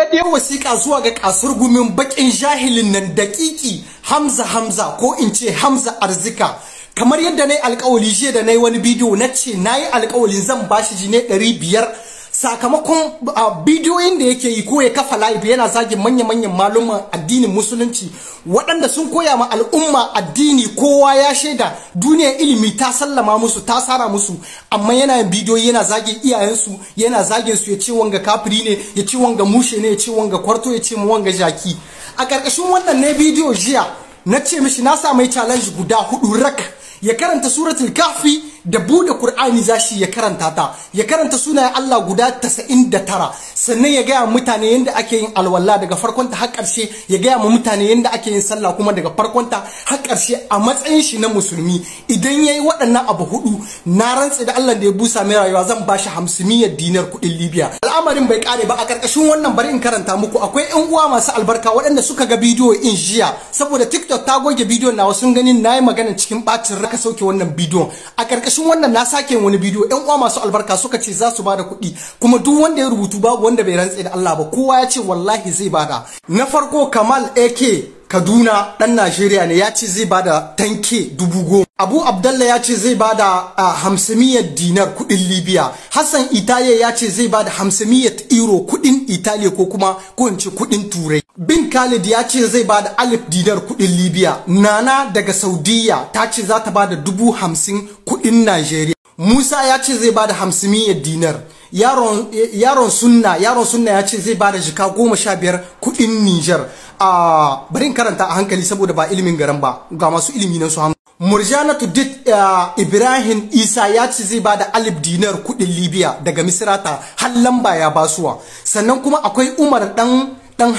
buɗaɗɗiyar wasiƙa zuwa ga kasar gumin baƙin jahilin nan daƙiƙi Hamza Hamza ko in ce Hamza Arzika kamar yadda na yi alƙawali jiya da na yi wani bidiyo na ce na yi alƙawalin zan bashi jine ɗari biyar sakamakon bidiyoyin da yake yi ko ya kafa live yana zagi manya-manyan maluman addinin musulunci waɗanda sun koya ma al'umma addini kowa ya shaida duniya ilimi ta sallama musu ta tsara musu amma yana yin bidiyoyi yana zagin iyayensu yana zagin su ya ce wanga kafiri ne ya ce wanga mushe ne ya ce wanga kwarto ya ce wanga jaki a ƙarƙashin wannan ne bidiyo jiya na ce mishi na sa mai challenge guda hudu rak ya karanta suratul kahfi da bude qur'ani zashi ya karanta ta ya karanta sunayen Allah guda 99 sannan ya gaya mutane yanda ake yin alwala daga farkon ta har karshe ya gaya ma mutane yanda ake yin sallah kuma daga farkon ta har karshe a matsayin shi na musulmi idan ya yi waɗannan abu hudu na rantsi da Allah da ya busa mai rayuwa zan bashi 500 dinar kuɗin Libya al'amarin bai kare ba a karkashin wannan bari in karanta muku akwai yan uwa masu albarka waɗanda suka ga bidiyo in jiya saboda TikTok ta goge bidiyon nawa sun ganin nayi magana cikin bacin ka sauke wannan bidiyon a karkashin wannan na sake wani bidiyo yan uwa masu albarka suka ce za su bada kuɗi kuma duk wanda ya rubutu babu wanda bai rantse da Allah ba kowa ya ce wallahi zai bada na farko Kamal AK kaduna dan najeriya ne ya ce zai bada tanke dubu goma abu abdalla ya ce zai bada uh, dinar kudin libya hassan italiya ya ce zai bada hamsimiyar euro kudin italiya ko kuma ko in kudin turai bin khalid ya ce zai bada alif dinar kudin libya nana daga saudiya ta ce za ta bada dubu hamsin kudin najeriya Musa ya ce zai bada hamsimiyar dinar yaron sunna yaron sunna ya ce zai bada jika goma sha biyar kudin Nijar a barin karanta a hankali saboda ba ilimin garin ba ga masu ilimi na su Murjanatu Dit Ibrahim Isa ya ce zai bada alif dinar kudin Libya daga Misrata har lamba ya basuwa sannan kuma akwai Umar dan dan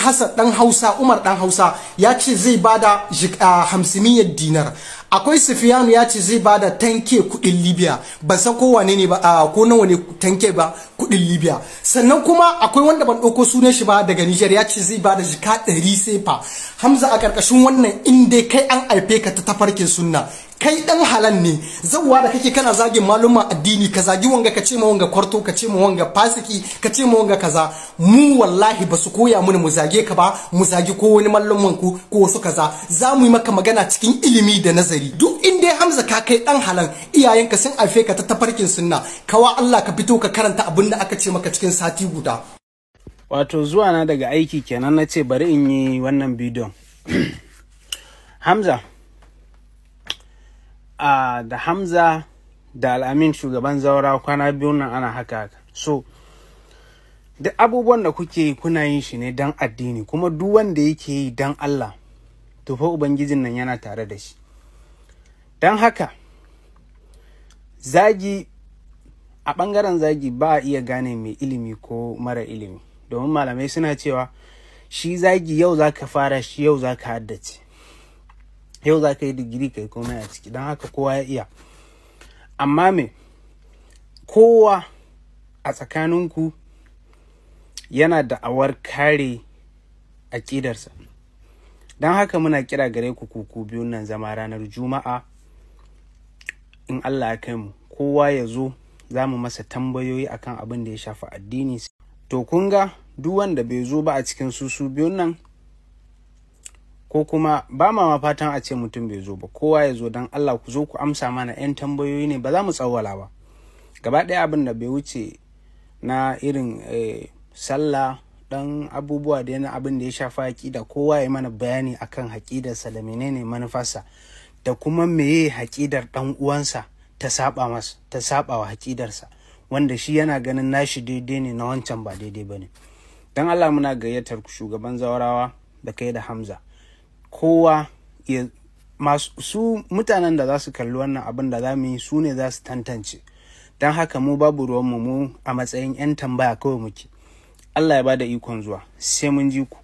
Hausa Umar dan Hausa ya ce zai bada jika hamsimiyar dinar akwai sufiyanu ya ce zai bada tanke kudin Libya ba san ko wane ne ba ko nawa ne tanke ba kudin Libya sannan kuma akwai wanda ban ɗauko sunan shi ba daga Niger ya ce zai bada jika sai sefa Hamza a ƙarƙashin wannan in dai kai an aife ka ta tafarkin sunna kai dan halan ne zawwa da kake kana zagin maluma addini ka zagi wanga ka ce ma wanga kwarto ka ce ma wanga fasiki ka ce ma wanga kaza mu wallahi basu koya mana mu zage ka ba mu zagi ko wani mallamin ko wasu kaza za mu yi maka magana cikin ilimi da nazari duk inda hamza ka kai dan halan iyayenka sun aife ka ta tafarkin sunna kawa Allah ka fito ka karanta abin da aka ce maka cikin sati guda wato zuwa na daga aiki kenan na ce bari in yi wannan bidiyon hamza a da hamza da al'amin shugaban zaura kwana biyu nan ana haka haka so duk abubuwan da kuke kuna yin shi ne dan addini kuma duk wanda yake yi dan allah to fa ubangijin nan yana tare da shi don haka zagi a ɓangaren zagi ba a iya gane mai ilimi ko mara ilimi domin malamai suna cewa shi zagi yau za ka fara shi yau za ka haddace yau za ka yi digiri kai komai a ciki don haka kowa ya iya amma me kowa a tsakaninku yana da awar kare aƙidarsa don haka muna kira gare ku kuku biyun nan zama ranar juma'a in Allah ya kai mu kowa ya zo za mu masa tambayoyi akan abin da ya shafi addini to kun ga duk wanda bai zo ba a cikin susu biyun nan ko kuma ba ma ma fatan a ce mutum bai zo ba kowa ya zo don Allah ku zo ku amsa mana 'yan tambayoyi ne ba za mu tsawwala ba gaba ɗaya abin da bai wuce na irin eh, sallah dan abubuwa da yana abin da ya shafa haƙida kowa ya mana bayani akan haƙidarsa da menene manufarsa da kuma meye haƙidar ɗan uwansa ta saba masa ta saba wa haƙidarsa wanda shi yana ganin nashi daidai ne na wancan ba daidai bane ne allah muna gayyatar shugaban zawarawa da kai da hamza kowa ya masu su mutanen da za su kalli wannan abin da za mu yi su ne za su tantance don haka mu babu ruwanmu mu a matsayin 'yan tambaya kawai muke allah ya ba da ikon zuwa sai mun ji ku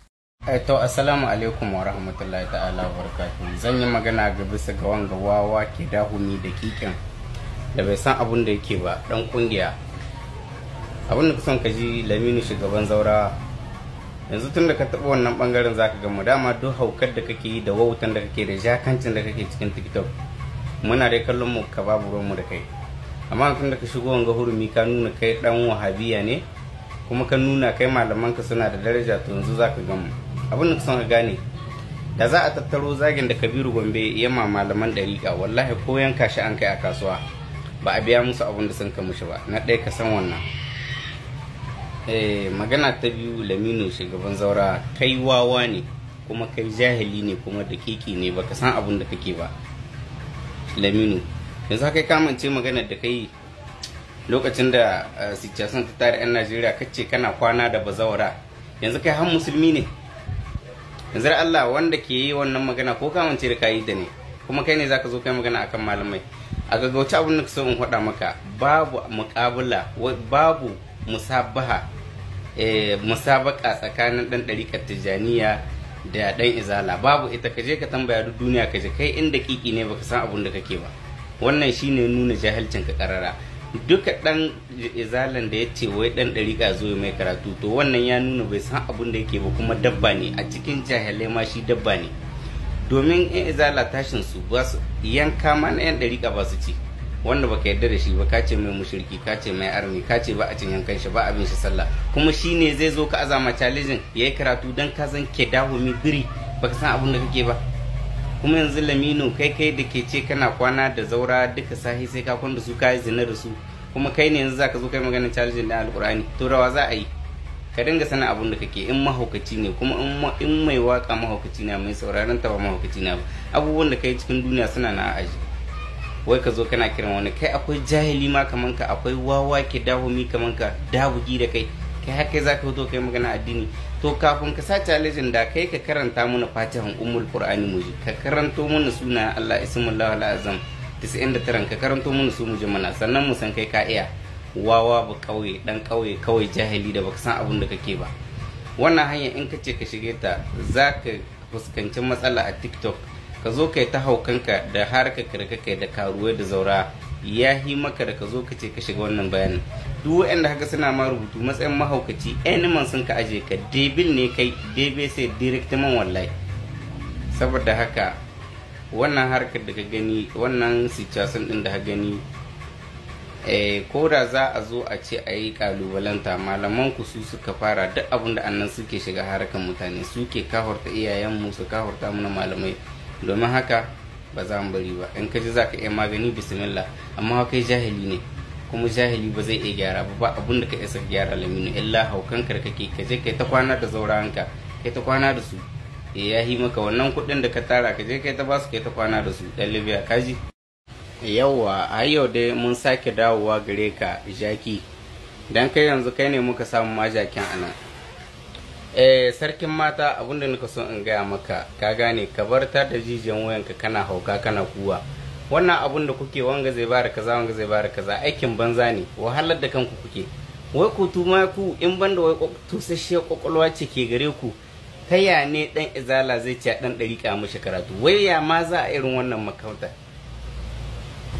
Eh, to assalamu alaikum wa rahmatullahi ta'ala wa barakatuhu zan yi magana ga bisa ga wanga wawa ke dahumi da kikin da bai san abun da yake ba dan kungiya abun da kusan ka ji laminu shugaban zaurawa yanzu tun da ka taɓa wannan bangaren zaka ga mu dama duk haukar da kake yi da wautan da kake da jakancin da kake cikin tiktok muna dai kallon mu ka babu ruwan mu da kai amma tun da ka shigo wanga hurumi ka nuna kai dan wahabiya ne kuma ka nuna kai malamanka suna da daraja to yanzu zaka ga mu abin da kusan ka gane da za a tattaro zagin da kabiru gombe yamma malaman dariƙa wallahi ko yanka shi an kai a kasuwa ba a biya musu abin da sun ka mushi ba na ɗaya ka san wannan eh magana ta biyu lamino shugaban zaura kai wawa ne kuma kai jahili ne kuma dakiki ne baka san abin da kake ba lamino yanzu kai kamance magana da kai lokacin da eh, sicasan ta tare 'yan najeriya kace kana kwana da bazawara yanzu kai har musulmi ne yanzu Allah wanda ke yi wannan magana ko ka mance da ka yi da ne kuma kai ne za ka zo kai magana akan malamai a gaggauce abin da so in faɗa maka babu muƙabula babu musabaha eh, musabaka tsakanin ɗan ɗarikar tijjaniya da ɗan izala babu ita kaje ka tambaya duk duniya ka je kai inda kiki ne baka san abin da kake ba wannan shine nuna jahilcin ka karara duka dan izalan da ya ce wai dan dariƙa zo mai karatu to wannan ya nuna bai san abin da yake ba kuma dabba ne a cikin jahilai ma shi dabba ne domin yan izala tashin su ba su yanka ma na yan dariƙa ba su ci wanda baka yarda da shi ba ka ce mai mushriki ka ce mai armi ka ce ba a cin yankan shi ba abin shi sallah kuma shi ne zai zo ka azama challenge yayi karatu dan ka san ke dahumi biri baka san abin da kake ba kuma yanzu lamino kai kai da ke ce kana kwana da zaura duka sahi sai ka da su ka zina da su kuma kai ne yanzu za ka zo kai maganin challenge da alkurani to rawa za a yi ka dinga sana abun da kake in mahaukaci ne kuma in mai waka mahaukaci ne mai sauraron ta ba mahaukaci na ba abubuwan da ka yi cikin duniya suna na aji wai ka zo kana kiran wani kai akwai jahili ma kaman ka akwai wawa ke dahumi kaman ka dabugi da kai kai haka za ka fito kai magana addini to kafin ka sa challenge da kai ka karanta mana fatihan ummul qur'ani muji ka karanto mana suna Allah Allah ismullahu alazam 99 ka karanto mana su muji mana sannan mu san kai ka iya wawa ba kauye dan kauye kawai jahili da baka san abin da kake ba wannan hanya in ka ce ka shige ta za ka fuskanci matsala a tiktok ka zo kai ta haukanka da harka kai da karuwa da zaura ya yi maka da ka zo ka ce ka shiga wannan bayanin duk waɗanda haka suna ma rubutu matsayin mahaukaci animan sun ka aje ka debil ne kai debe sai man wallahi saboda haka wannan harkar da ka gani wannan situation din da ka gani eh, ko da za a zo a ce a yi kalubalanta malaman ku su suka fara duk abin da annan suke shiga harkar mutane suke kahorta mu su kahorta mana malamai domin haka ba za mu bari ba in ka ji za ka iya magani bismillah amma kai jahili ne kuma jahili ba zai iya gyara ba ba abun da ka isa gyara laminu illa haukan ka kake ka je kai ta kwana da zauranka kai ta kwana da su eh, ya yi maka wannan kuɗin da ka tara ka je kai ta basu kai ta kwana da su ɗan libya ji. Yawa! a yau dai mun sake dawowa gare ka jaki dan kai yanzu kai ne muka samu majakin anan eh sarkin mata abinda nika so in gaya maka ka gane ka bar ta da jijiyan wayanka kana hauka kana kuwa wannan abun da kuke wanga zai bada kaza wanga zai bada kaza aikin banza ne wahalar da kanku kuke wai ku tuma ku in banda wai tusasshiyar kwakwalwa ce ke gare ku ta ya ne dan izala zai ci dan dariƙa mishi karatu wai ya ma za a irin wannan makauta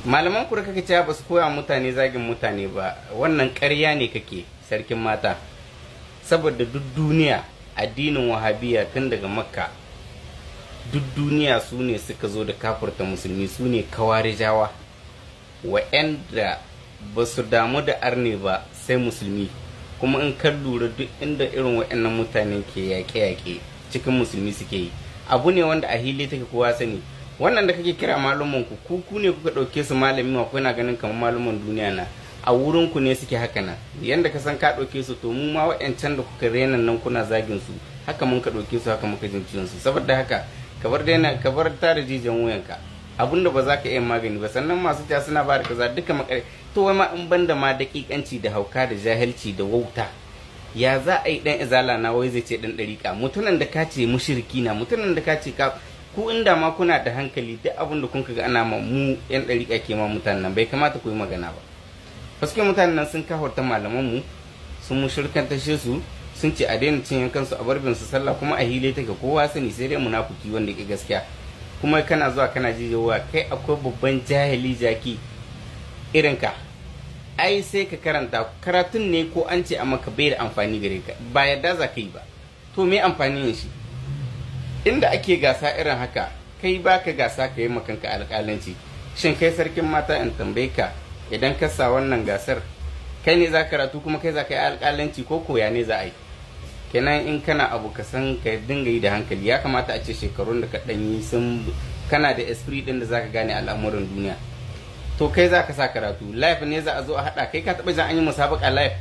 malaman ku da kake cewa ba su koya mutane zagin mutane ba wannan ƙarya ne kake sarkin mata saboda duk duniya addinin wahabiya tun daga makka duk duniya su ne suka zo da kafurta musulmi su ne kawarijawa wa'yanda ba su damu da arne ba sai musulmi kuma in kan lura duk inda irin wa'annan mutane ke yaƙe-yaƙe cikin musulmi suke yi abu ne wanda a hili take kowa sani wannan da kake kira malumanku ku ku ne kuka ɗauke su malami ma kuna ganin kamar malaman duniya na a wurinku ne suke haka nan yadda ka san ka ɗauke su to mu ma wa'yancan da kuka renan nan kuna zagin su haka mun ka ɗauke su haka mun ka ciwon su saboda haka ka bar daina ka bar tare jijiyan wuyanka abun da ba za ka iya magani ba sannan masu ja suna ba da kaza duka makare to wai ma in banda ma dakikanci da hauka da jahilci da wauta ya za a yi dan izala na wai zai ce dan ɗariƙa, mutunan da ka ce mushriki na mutunan da ka ce ka ku inda ma kuna da hankali duk abun da kun ga ana ma mu yan ɗariƙa ke ma mutanen bai kamata ku yi magana ba gaskiya mutanen nan sun kahorta malamanmu sun mushirkanta shi su sun ce a daina cin yankan su a barbin su sallah kuma a hile take kowa sani sai dai munafuki wanda ke gaskiya kuma kana zuwa kana jijewa kai akwai babban jahili jaki irin ka ai sai ka karanta karatun ne ko an ce a maka bai da amfani gare ka ba yadda za ka yi ba to me amfani yin shi inda ake gasa irin haka kai ba ka gasa ka yi makanka alƙalanci shin kai sarkin mata in tambaye ka idan ka sa wannan gasar kai ne za karatu kuma kai za ka yi alƙalanci ko koya ne za a yi kenan in kana abu ka san ka dinga yi da hankali ya kamata a ce shekarun da ka ɗan yi sun kana da esprit ɗin da za ka gane al'amuran duniya to kai za ka sa karatu life ne za a zo a haɗa kai ka taɓa jan an yi musabaka life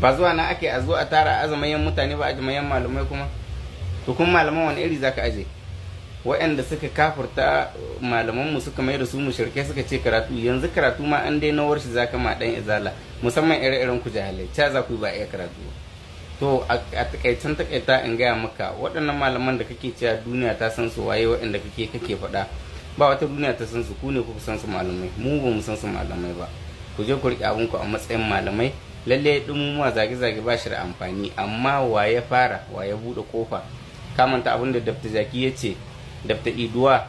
ba zuwa na ake a zo a tara azumayen mutane ba azamayen malamai kuma to kuma malaman wani iri za ka aje waɗanda suka kafurta malamanmu suka mai da su mushrikai suka ce karatu yanzu karatu ma an dai nawar shi zaka ma dan izala musamman ire-iren ku jahilai ta za ku ba iya karatu to a takaicen takaita in gaya maka waɗannan malaman da kake cewa duniya ta san su waye waɗanda kake kake faɗa ba wata duniya ta san su ku ne kuka san su malamai mu ba mu san su malamai ba ku je ku riƙe abin ku a matsayin malamai lalle ma zage-zage ba shi da amfani amma waye fara waye buɗe kofa kamanta abin da dafta jaki ya ce dafta iduwa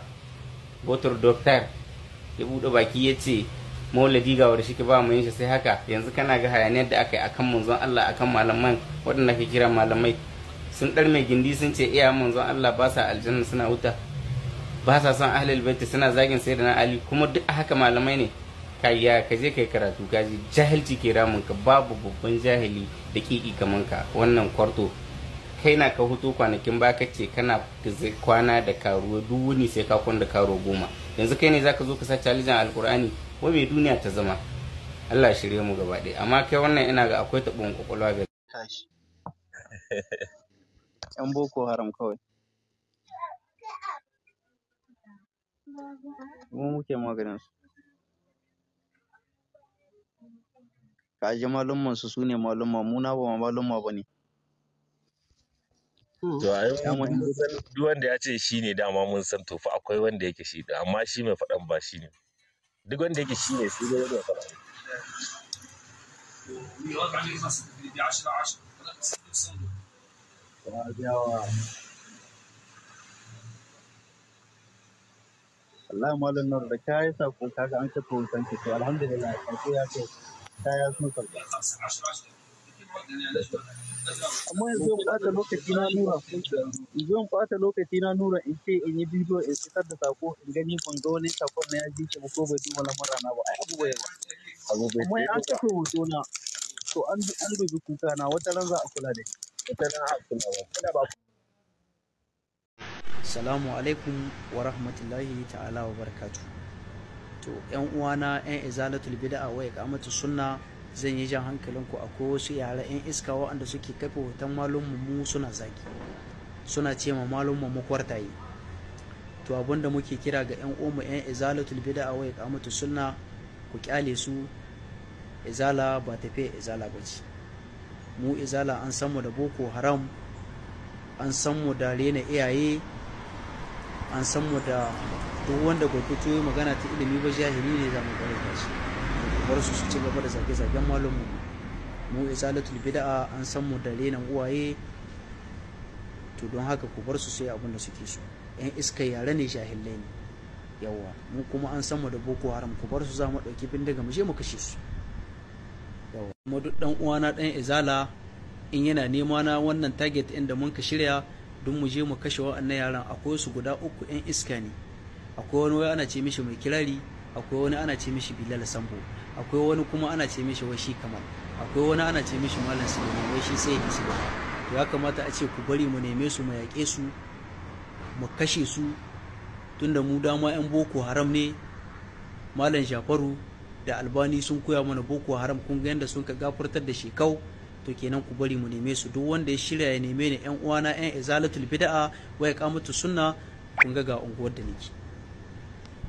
botar doktar ya buɗe baki ya ce maulidi ga wanda shike ba mu yin shi sai haka yanzu kana ga hayaniyar da aka yi akan manzon Allah akan malaman waɗanda ka kira malamai sun ɗar mai gindi sun ce iya manzon Allah ba sa aljanna suna wuta ba sa son ahlul baiti suna zagin sai da na ali kuma duk haka malamai ne kayya ka je kai karatu kaji jahilci ke ramin ka babu babban jahili da kiki kaman ka wannan kwarto kai na ka hutu kwanakin ba ka ce kana kwana da karuwa duk wuni sai ka da karo goma yanzu kai ne za ka zo ka sa challenge alkur'ani wai duniya ta zama Allah shirye mu gaba ɗaya amma kai wannan ina ga akwai taɓin kwakwalwa ga tashi yan boko haram kawai mu muke maganin su kaji malumman su sune malumma mu ba malumma bane Hmm. To a duk wanda ya ce shi ne dama mun san to akwai wanda yake shi da amma shi mai faɗan ba shi ne. Duk wanda yake shi ne sai dai wanda ya faɗa. Allah malam nan da ka yi sako kaga an kafa wutan ki to alhamdulillah sai ya ce ta ya sun karɓa. amma yanzu in ɓata lokaci na nura yanzu in ɓata lokaci na nura in ce in yi bidiyo in fitar da sako in gani kun ga wani sakon na ya ji shi ko bai duba lamura na ba ai abubuwa yawa amma an saka hoto na to an an dubi kuka na wata ran za a kula da shi wata ran a kula da ba Salamu alaikum wa rahmatullahi ta'ala wa barakatu. To, ‘yan uwana ‘yan izalatul bid'a wa iqamatu sunna zan yi jan hankalin ku akwai wasu yara 'yan iska waɗanda suke kafe hoton malummu mu suna zaki suna ce ma malummu mu yi to abinda muke kira ga 'yan umu 'yan izalatul bid'a wa iqamatu sunna ku kyale su izala ba tafiya izala ba ce mu izala an san mu da boko haram an san mu da rena iyaye an san mu da duk wanda gurkutu magana ta ilimi ba jahili ne za mu gare shi bar su su ci gaba da zage-zagen malamu mu izalatul bid'a an san mu da renan uwaye to don haka ku bar su su yi abin da suke so yan iska yare ne jahilai ne yawa mu kuma an san mu da boko haram ku bar su za mu ɗauki bindiga mu je mu kashe su yawa kuma duk dan uwana dan izala in yana nema na wannan target da mun ka shirya don mu je mu kashe wa'annan yaran akwai su guda uku yan iska ne akwai wani wai ana ce mishi mai kirari akwai wani ana ce mishi bilal sambo akwai wani kuma ana ce mishi washi kamal akwai wani ana ce mishi malam sulaiman wai shi sai ya su to ya kamata a ce ku bari mu neme su mu yaƙe su mu kashe su tunda mu dama yan boko haram ne malam jafaru da albani sun koya mana boko haram kun ga yadda sun ka gafartar da shekau to kenan ku bari mu neme su duk wanda ya shirya ya neme ni yan uwana yan izalatul bid'a wa ya kamata sunna kun ga ga unguwar da nake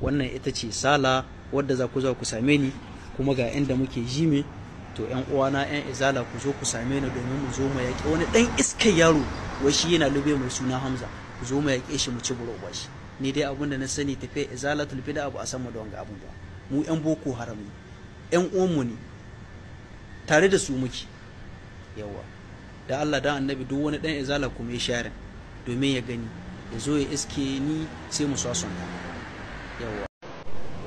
wannan ita ce sala wadda za ku za ku same ni kuma ga inda muke jime to yan uwana yan izala ku zo ku same ni domin mu zo mu yaƙi wani ɗan iskan yaro wai shi yana lube mai suna hamza ku zo mu yaƙe shi mu ci buroba shi ni dai abin da na sani tafiya izalatul bida abu a sama da wanga abun ba mu yan boko haram ne yan mu ne tare da su muke yawa da Allah da annabi duk wani ɗan izala kuma ya share domin ya gani ya zo ya iske ni sai mu sasanta yawa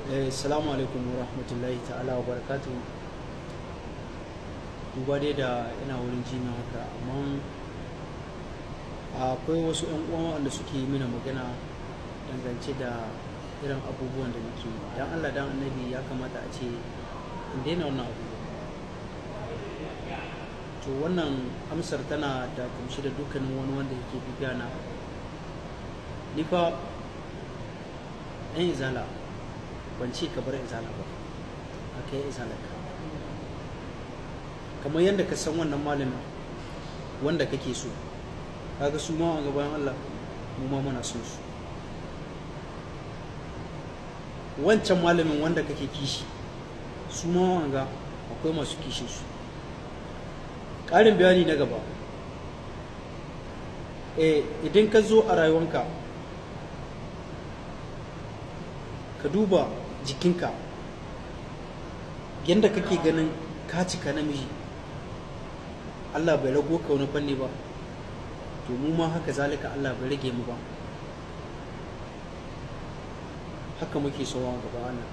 Assalamu eh, alaikum wa rahmatullahi ta'ala wa barakatu. Duba dai da ina wurin ji na haka amma akwai wasu 'yan uwan wanda suke yi mina magana dangance da irin abubuwan da nake yi. Dan Allah dan annabi ya kamata a ce in daina wannan abubuwa. To wannan amsar tana da kumshi da dukkanin wani wanda yake bibiya na. Ni fa ɗan izala ban ce ka bar izala ba a kai izala ka kamar yadda ka san wannan malamin wanda kake so kaga su mawa ga bayan Allah mu ma muna son su wancan malamin wanda kake kishi su ma wanga akwai masu kishin su ƙarin bayani na gaba eh, idan ka zo a rayuwanka ka duba jikinka yadda kake ganin ka cika namiji Allah bai rago ka wani fanni ba to mu ma haka zalika Allah bai rage mu ba haka muke sowa gaba Allah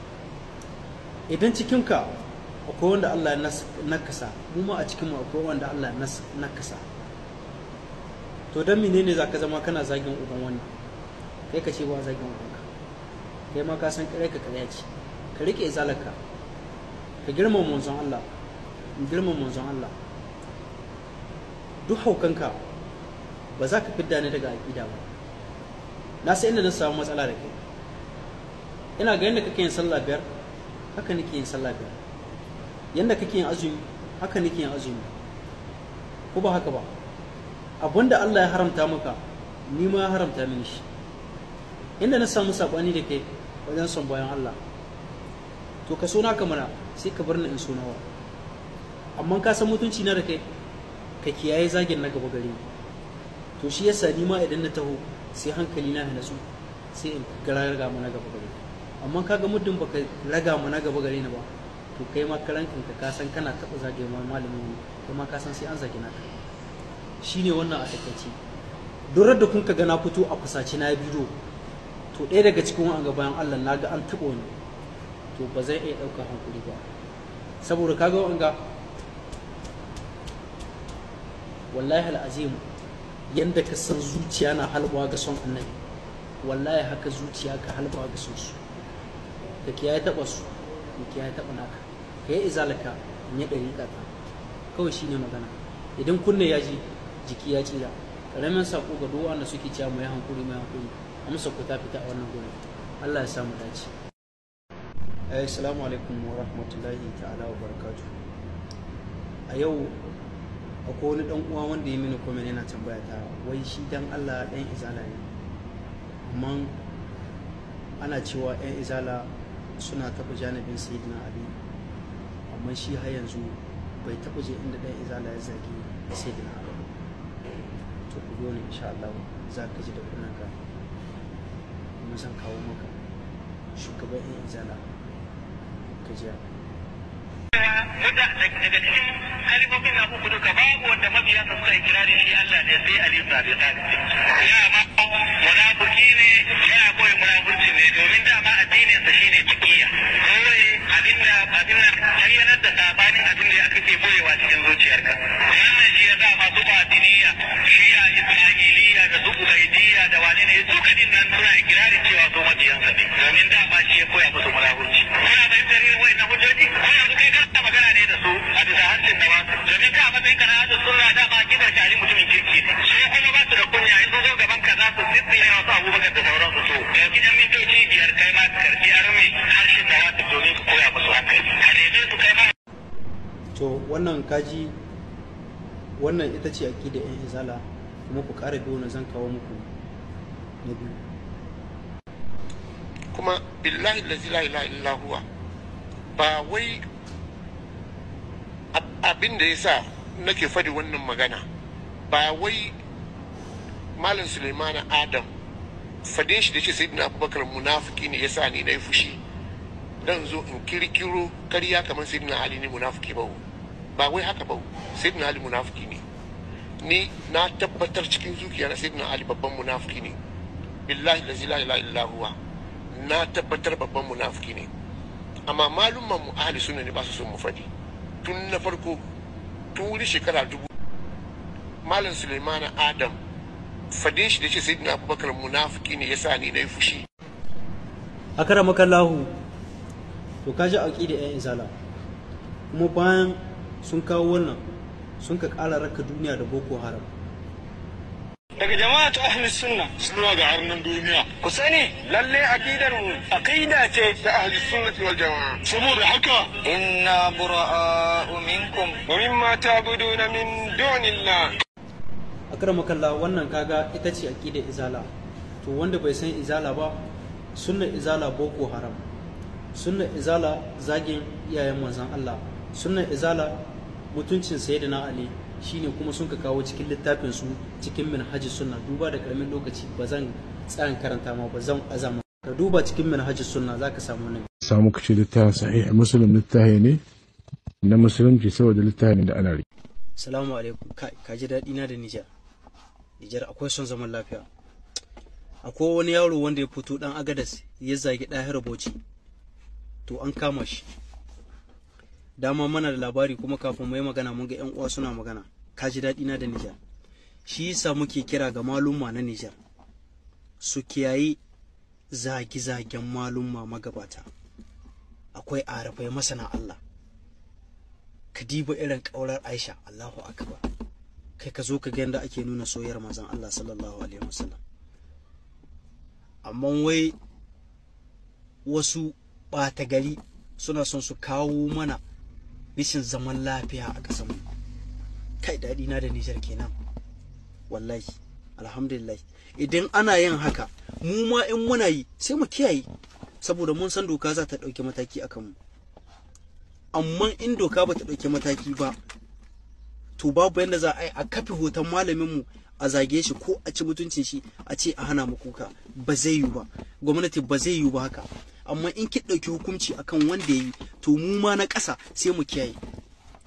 idan cikinka akwai wanda Allah ya nakasa mu ma a cikinmu akwai wanda Allah ya nakasa to dan menene zaka zama kana zagin uban wani kai ka ce ba zagin uban kai ma ka san kare ka kare ce ka riƙe izalarka ka girmama manzon Allah girma manzon Allah duk haukanka ba za ka fidda ne daga aƙida ba na sai inda na samu matsala da kai ina ga yanda kake yin sallah biyar haka nake yin sallah biyar yanda kake yin azumi haka nake yin azumi ko ba haka ba abinda Allah ya haramta maka ni ma ya haramta mini shi inda na samu sabani da kai wajen son bayan Allah to ka suna ka mana sai ka bar ni in so wa. amma ka san mutunci na da kai ka kiyaye zagin na gaba gare to shi yasa ni ma idan na taho sai hankali na na su sai in raga mana na gaba gare amma kaga muddin baka raga mana na gaba gare ni ba to kai ma karankin ka ka san kana taba zagin ma malamin ne kuma ka san sai an zage naka shine wannan a takaice durar da kun ka ga na fito a kusaci na bidiyo to ɗaya daga cikin wa'anga bayan Allah na ga an taɓa wani to ba zai iya ɗauka hankuri ba saboda kaga wa'anga wallahi al'azim yadda ka san zuciya na halbawa ga son annabi wallahi haka zuciya ka halbawa ga son su kiya ya taɓa su kiya ya taɓa naka ka yi izalaka in yi ɗari ɗata kawai shi ne magana idan kunne ya ji jiki ya cira ƙaramin saƙo ga duwa wanda suke cewa mai hankuri mai hankuri amsa ku ta fita a wannan gurin Allah ya samu dace eh, assalamu alaikum wa rahmatullahi ta'ala wa barkatu. a yau akwai wani dan uwa wanda ya mini komai yana tambaya ta wai shi dan Allah dan izala ne amma ana cewa yan izala suna tafi janibin sayyidina ali amma shi har yanzu bai taɓa je inda ɗan izala ya zagi sayyidina ali na to ku zo ne insha Allah za ka ji da kunanka kuma zan kawo maka shugaban yan izala ka ji daga cikin kalibobin na uku duka babu wanda mabiya suka yi kirari shi Allah ne sai Ali ibn Abi Talib ya ma munafiki ne ya koyi munafurci ne domin dama addinin sa shine tikiya kawai abin da abin da da sabanin abin da aka ke boyewa cikin zuciyarka wannan shi ya ya suka nan suna ikirarin cewa su majiyansa ne domin da ba shi ya koya musu mulahunci kuna fahimtar irin wai na hujjoji ko yanzu kai kana magana ne da su a bisa hancin da wasu. domin ka a matsayin kana da sunna da ba kidar shi ali mutumin kirki ne su kuma ba su da kunya in sun zo gaban ka za su sitsi yana wasu abubakar da sauran su so yanzu yan mintoci biyar kai ma su karfi arme harshen da wasu. domin su koya musu hankali a neme su kai ma. to wannan kaji wannan ita ce aƙidar 'yan izala kuma ku ƙara biyu na zan kawo muku kuma billahi la ilaha illa ba wai abin da ya sa nake fadi wannan magana ba wai malam suleimana adam fadin shi da ce sai abubakar munafiki ne ya sa ni na yi fushi don zo in kirkiro karya kamar sai ali ne munafiki ba ba wai haka ba sai ali munafiki ne ni na tabbatar cikin zuciya na sai ali babban munafiki ne billahi la ilaha ila huwa na tabbatar babban munafuki ne amma malumman mu ahli sunna ne ba su son mu fadi tun na farko tun wuri shekara dubu malam sulaimana adam fadin shi da ce sayyidina abubakar munafuki ne yasa ni yi fushi akara makallahu to kaji aqida ya insala kuma bayan sun kawo wannan sun ka ƙara raka duniya da boko haram daga jama'atu ahli sunna suna ga arnin duniya ku sani lalle aqidar mu aqida ce ta ahli sunna wal jama'a saboda haka inna bura'u minkum wa mimma ta'buduna min dunillah akramakallah wannan kaga ita ce aqida izala to wanda bai san izala ba sunna izala boko haram sunna izala zagin iyayen manzon Allah sunna izala mutuncin sayyidina ali shine kuma sun ka kawo cikin littafin su cikin manhajin sunna duba da karamin lokaci ba zan tsayan karanta ma ba zan azama ka duba cikin manhajin sunna zaka samu nan samu kace littafin sahih muslim littafi ne na musulunci saboda littafin da ana rike salamu alaikum ka ji daɗi na da Nijar Nijar akwai son zaman lafiya akwai wani yaro wanda ya fito dan agadas ya zagi ɗaya bauchi to an kama shi dama mana da labari kuma kafin mu yi magana mun ga 'yan uwa suna magana ka ji daɗi na da Nijar shi yasa muke kira ga malumma na Nijar su kiyaye zage-zagen malumma magabata akwai arafai masana Allah ka diba irin ƙaurar Aisha Allahu akbar kai ka zo ka ga yadda ake nuna soyayyar mazan Allah sallallahu alaihi wasallam amma wai wasu ɓata gari suna son su kawo mana rishin zaman lafiya a ƙasar mu kai daɗi na da Nijar kenan wallahi alhamdulillah idan ana yin haka mu ma in muna yi sai mu kiyaye saboda mun san doka za ta ɗauki mataki a kanmu amma in doka ba ta ɗauki mataki ba to babu yadda za a yi a kafe hoton malamin mu a zage shi ko a ci mutuncin shi a ce a hana mu kuka ba zai yiwu ba gwamnati ba zai yiwu ba haka amma in ki ɗauki hukunci akan wanda ya yi to mu ma na ƙasa sai mu kiyaye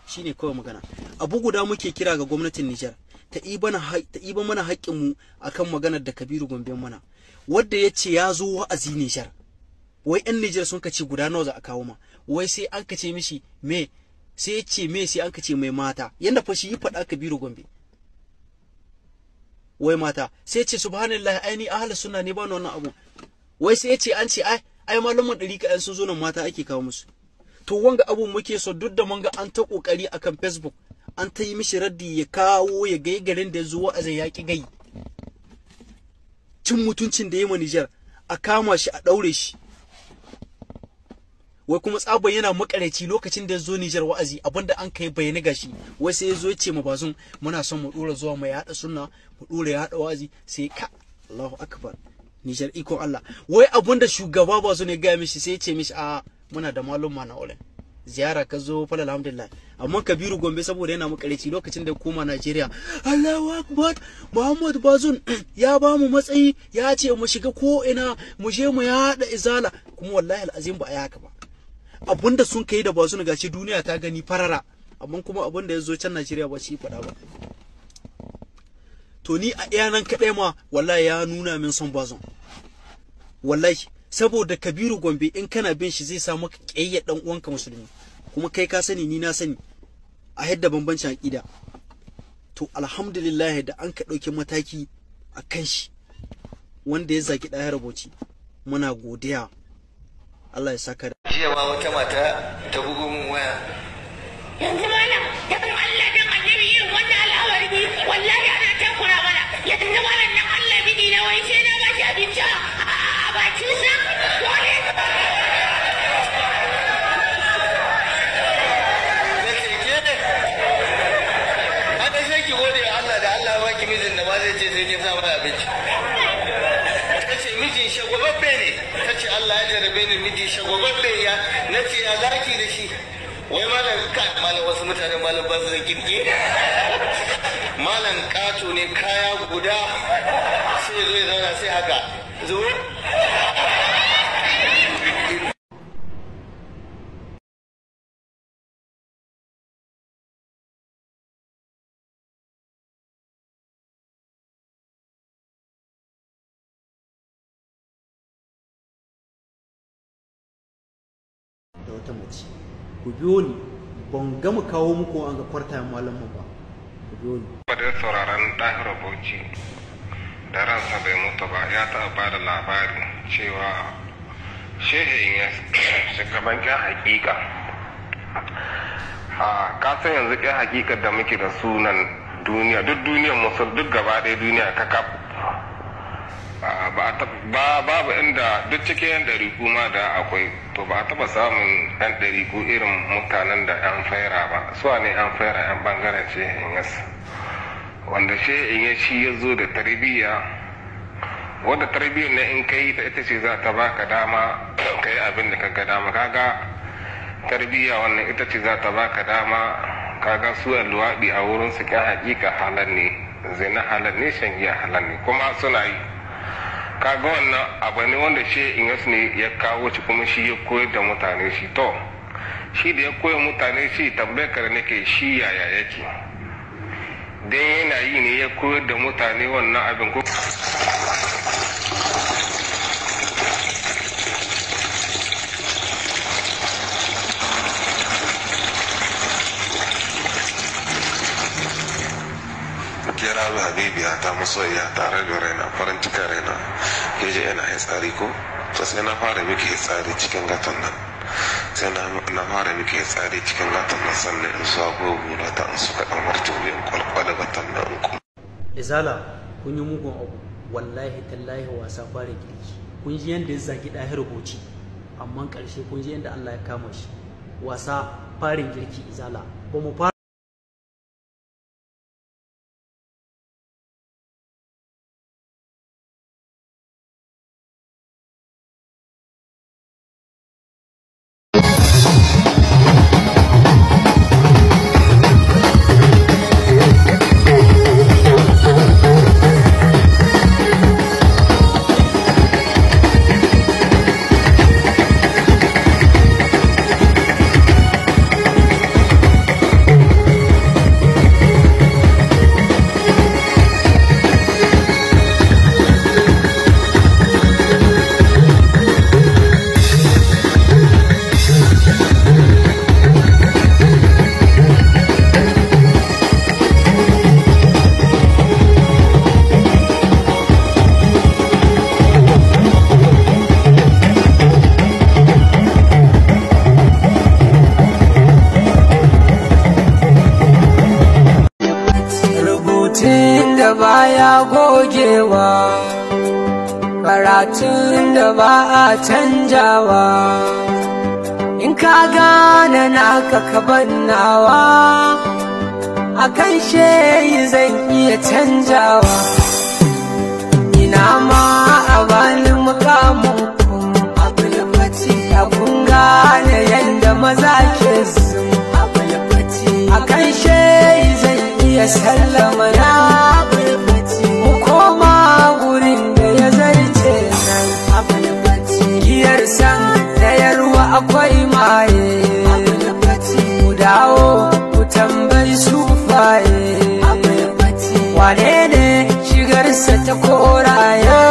shine kawai magana abu guda muke kira ga gwamnatin Nijar ta iba mana haƙƙinmu akan maganar da Kabiru Gombe mana wanda ya ce ya zo wa'azi Nijar wai ƴan Nijar sun kace guda nawa za a kawo ma wai sai an kace mishi me sai ya ce me sai an kace mai mata yanda fa shi yi faɗa Kabiru Gombe wai mata sai ya ce subhanallahi aini ahlus sunna ne ba wannan abu wai sai ya ce an ce ai ai malaman ɗari ka sun zo nan mata ake kawo musu to wanga abu muke so duk da mun ga an ta kokari akan facebook an ta yi mishi raddi ya kawo ya gai garin da zuwa a ya yaki gai cin mutuncin da ya ma Nijar a kama shi a ɗaure shi wai kuma tsabon yana makareci lokacin da zo Nijar wa'azi abinda an kai bayani gashi wai sai ya zo ya ce ma bazun muna son mu dora zuwa mu haɗa sunna mu dora haɗa wa'azi sai ka Allahu akbar Nijar ikon Allah wai abun da shugaba ba su ne gaya mishi sai ce mishi a muna da malum mana na ziyara ka zo fa alhamdulillah amma Kabiru Gombe saboda yana makareci lokacin da koma Najeriya Allahu akbar Muhammad Bazun ya ba mu matsayi ya ce mu shiga ko ina mu je mu yada izala kuma wallahi alazim ba ya haka ba abun da sun kai da Bazun gashi duniya ta gani farara amma kuma abun da ya zo can Najeriya ba shi faɗa ba to ni a iya nan kaɗai ma wallahi ya nuna min son bazon wallahi saboda kabiru gombe in kana bin shi zai samu maka ɗan uwanka musulmi kuma kai ka sani ni na sani a yadda bambancin aƙida to alhamdulillah da an ka ɗauki mataki a kan shi wanda ya zaki ɗaya raboci muna godiya Allah ya saka da. Jiya ma wata mata ta bugu mun waya. Yanzu malam, bidi wallahi ana takura mana yanzu wannan na Allah bidi na wai sai na ba shi abinci ah, a mijin da ba zai sai sa mai ce mijin ne ce Allah ya ni miji shagwababbe ya na ce zaki da shi wai malam ka malam wasu mutane malam ba su da kirki malam kato ne kaya guda sai zo zauna sai haka zo da wata mace ku biyo ni ban gama kawo muku an ga kwarta malamin ba biyo ni. Kwadar sauraron ɗahira Bauchi da ransa bai mutu ba ya taɓa ba da labarin cewa shehin ya shugaban ƙyan hakika. A kasan yanzu ƙyan hakikar da muke da sunan duniya duk duniyar musul duk gaba ɗaya duniya kafa ba babu inda duk cikin yan ɗari kuma da akwai to ba a taba samun yan ɗari ko irin mutanen da yan faira ba suwa ne yan faira yan bangaren ce yasa wanda ce in shi ya zo da tarbiyya wanda tarbiyyar na in kai ta ita ce za ta baka dama ka yi abin da ka ga dama kaga tarbiyya wannan ita ce za ta baka dama kaga su luwaɗi a wurin su kyan haƙiƙa halar ne zina halar ne shan giya halar ne kuma suna yi kaga wannan abu ne wanda shi ingas ne ya kawo shi kuma shi ya koyar da mutane shi to shi da ya koyar mutane shi tambayar ne ke shi yaya yake dan yana yi ne ya koyar da mutane wannan abin ko kira habibi ta musoya tare da raina farin cikin raina ya je yana hitsari ko to sai na fara miki hitsari cikin gatan nan sai na fara miki hitsari cikin gatan nan sannan in zuwa gobe na ta an suka dan warce in kwalkwala gatan nan ku kuma izala kun yi mugun abu wallahi tallahi wasa fara kirki kun ji yanda ya zaki ɗahir goci amma karshe kun ji yanda Allah ya kama shi wasa farin girki izala ko mu gogewa karatun da ba a canjawa in ka gane naka ka nawa akan sheyi zan iya canjawa ina ma a bani mukamin kun gane yadda maza ke sun abulfati akan sheyi zan iya sallama na sa ta koraye